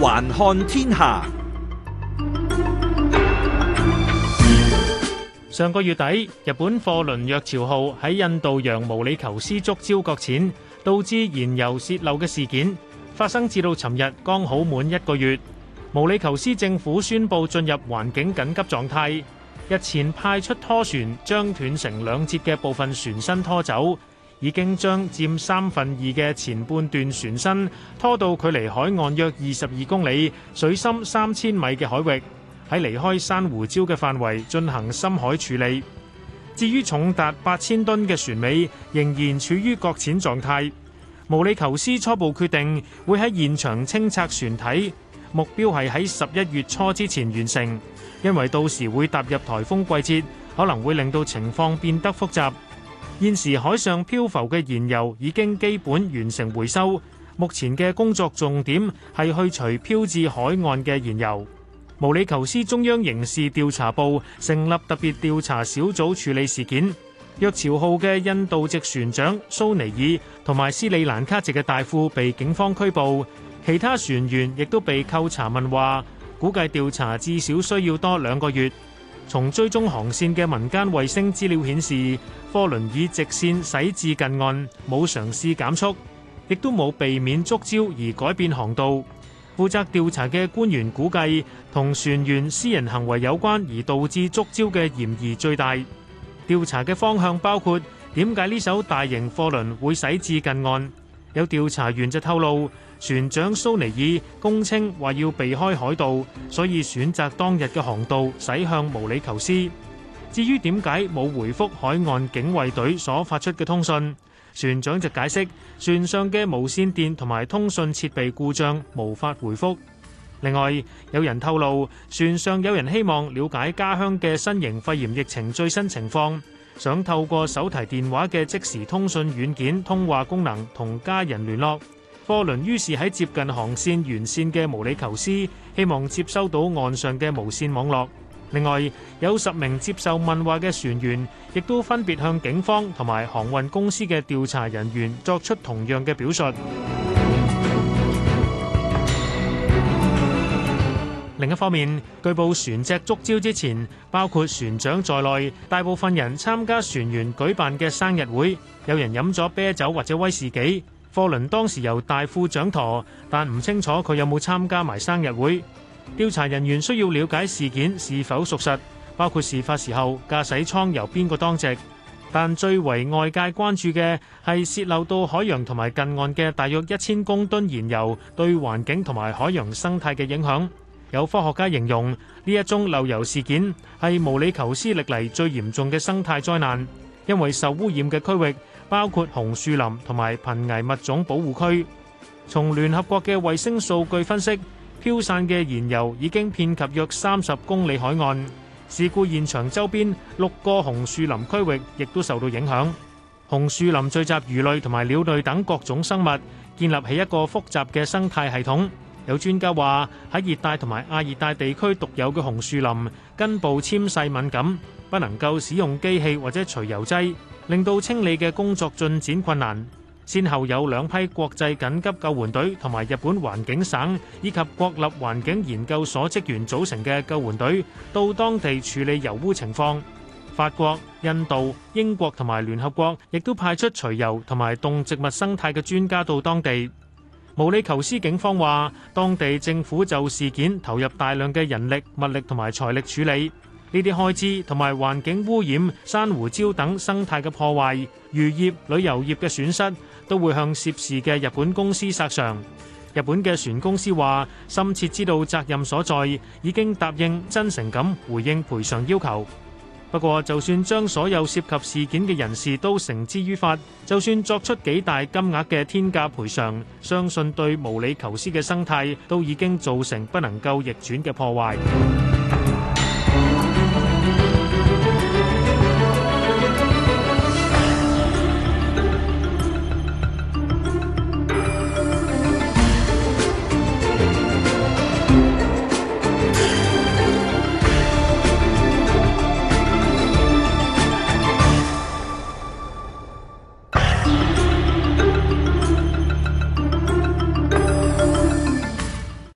環看天下。上個月底，日本貨輪若潮號喺印度洋毛里裘斯觸礁擱淺，導致燃油泄漏嘅事件發生，至到尋日剛好滿一個月。毛里裘斯政府宣布進入環境緊急狀態，日前派出拖船將斷成兩截嘅部分船身拖走。已經將佔三分二嘅前半段船身拖到距離海岸約二十二公里、水深三千米嘅海域，喺離開珊瑚礁嘅範圍進行深海處理。至於重達八千噸嘅船尾，仍然處於擱淺狀態。毛里裘斯初步決定會喺現場清拆船體，目標係喺十一月初之前完成，因為到時會踏入颱風季節，可能會令到情況變得複雜。現時海上漂浮嘅燃油已經基本完成回收，目前嘅工作重點係去除漂至海岸嘅燃油。毛里裘斯中央刑事調查部成立特別調查小組處理事件。若潮號嘅印度籍船長蘇尼爾同埋斯里蘭卡籍嘅大副被警方拘捕，其他船員亦都被扣查問話，估計調查至少需要多兩個月。從追蹤航線嘅民間衛星資料顯示，貨輪以直線駛至近岸，冇嘗試減速，亦都冇避免觸礁而改變航道。負責調查嘅官員估計，同船員私人行為有關而導致觸礁嘅嫌疑最大。調查嘅方向包括點解呢艘大型貨輪會駛至近岸。有調查員就透露，船長蘇尼爾供稱話要避開海盜，所以選擇當日嘅航道，駛向毛里裘斯。至於點解冇回覆海岸警衛隊所發出嘅通訊，船長就解釋船上嘅無線電同埋通訊設備故障，無法回覆。另外，有人透露船上有人希望了解家鄉嘅新型肺炎疫情最新情況。想透過手提電話嘅即時通訊軟件通話功能同家人聯絡，貨輪於是喺接近航線沿線嘅毛里裘斯，希望接收到岸上嘅無線網絡。另外，有十名接受問話嘅船員，亦都分別向警方同埋航運公司嘅調查人員作出同樣嘅表述。另一方面，據報船隻觸礁之前，包括船長在內，大部分人參加船員舉辦嘅生日會，有人飲咗啤酒或者威士忌。貨輪當時由大副掌舵，但唔清楚佢有冇參加埋生日會。調查人員需要了解事件是否屬實，包括事發時候駕駛艙由邊個當值。但最為外界關注嘅係洩漏到海洋同埋近岸嘅大約一千公噸燃油對環境同埋海洋生態嘅影響。有科學家形容呢一宗漏油事件係毛里裘斯歷嚟最嚴重嘅生態災難，因為受污染嘅區域包括紅樹林同埋瀕危物種保護區。從聯合國嘅衛星數據分析，飄散嘅燃油已經遍及約三十公里海岸。事故現場周邊六個紅樹林區域亦都受到影響。紅樹林聚集魚類同埋鳥類等各種生物，建立起一個複雜嘅生態系統。有專家話，喺熱帶同埋亞熱帶地區獨有嘅紅樹林根部纖細敏感，不能夠使用機器或者除油劑，令到清理嘅工作進展困難。先後有兩批國際緊急救援隊同埋日本環境省以及國立環境研究所職員組成嘅救援隊到當地處理油污情況。法國、印度、英國同埋聯合國亦都派出除油同埋動植物生態嘅專家到當地。毛里求斯，警方話當地政府就事件投入大量嘅人力、物力同埋財力處理呢啲開支同埋環境污染、珊瑚礁等生態嘅破壞、漁業、旅遊業嘅損失，都會向涉事嘅日本公司索償。日本嘅船公司話深切知道責任所在，已經答應真誠咁回應賠償要求。不過，就算將所有涉及事件嘅人士都繩之於法，就算作出幾大金額嘅天價賠償，相信對毛里裘斯嘅生態，都已經造成不能夠逆轉嘅破壞。